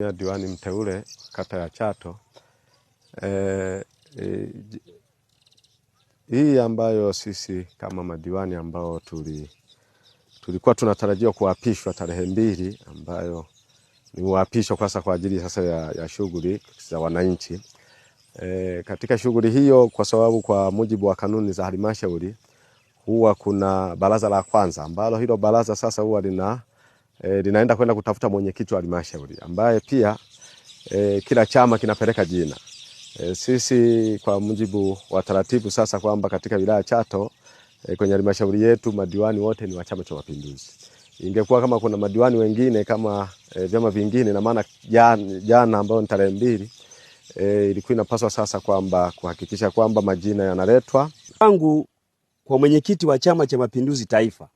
ya diwani mteule kata ya Chato e, e, hii ambayo sisi kama madiwani ambao tuli, tulikuwa tunatarajia kuapishwa tarehe mbili ambayo ni uapisho kwasa kwa ajili sasa ya, ya shughuli za wananchi e, katika shughuli hiyo, kwa sababu kwa mujibu wa kanuni za halmashauri huwa kuna baraza la kwanza ambalo hilo baraza sasa huwa lina e, eh, linaenda kwenda kutafuta mwenyekiti wa halmashauri ambaye pia e, kila chama kinapeleka jina e, sisi kwa mujibu wa taratibu sasa kwamba katika wilaya Chato e, kwenye halmashauri yetu madiwani wote ni wa Chama cha Mapinduzi. Ingekuwa kama kuna madiwani wengine kama e, vyama vingine, na maana jana, jana ambayo ni tarehe mbili e, ilikuwa inapaswa sasa kwamba kuhakikisha kwamba majina yanaletwa kwangu kwa mwenyekiti wa Chama cha Mapinduzi Taifa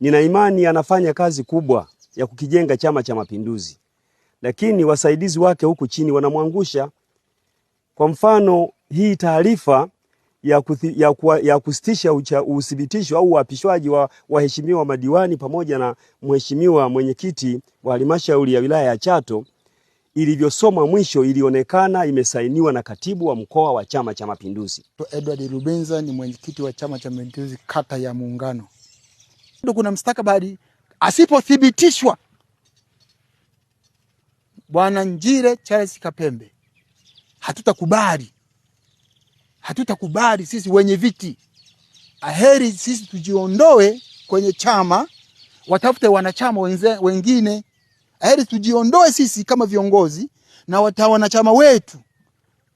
nina imani anafanya kazi kubwa ya kukijenga Chama cha Mapinduzi, lakini wasaidizi wake huku chini wanamwangusha. Kwa mfano hii taarifa ya, ya, ya kusitisha uthibitisho au uapishwaji wa waheshimiwa madiwani pamoja na mheshimiwa mwenyekiti wa halmashauri ya wilaya ya Chato ilivyosoma mwisho ilionekana imesainiwa na katibu wa mkoa wa Chama cha Mapinduzi. Edward Rubenza ni mwenyekiti wa Chama cha Mapinduzi kata ya Muungano bado kuna mstakabali asipothibitishwa Bwana Njire Charles Kapembe, hatutakubali hatutakubali sisi wenye viti. Aheri sisi tujiondoe kwenye chama, watafute wanachama wenze, wengine. Aheri tujiondoe sisi kama viongozi na wata wanachama wetu.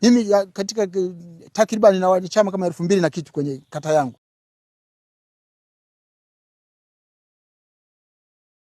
Mimi katika eh, takriban na wanachama kama elfu mbili na kitu kwenye kata yangu,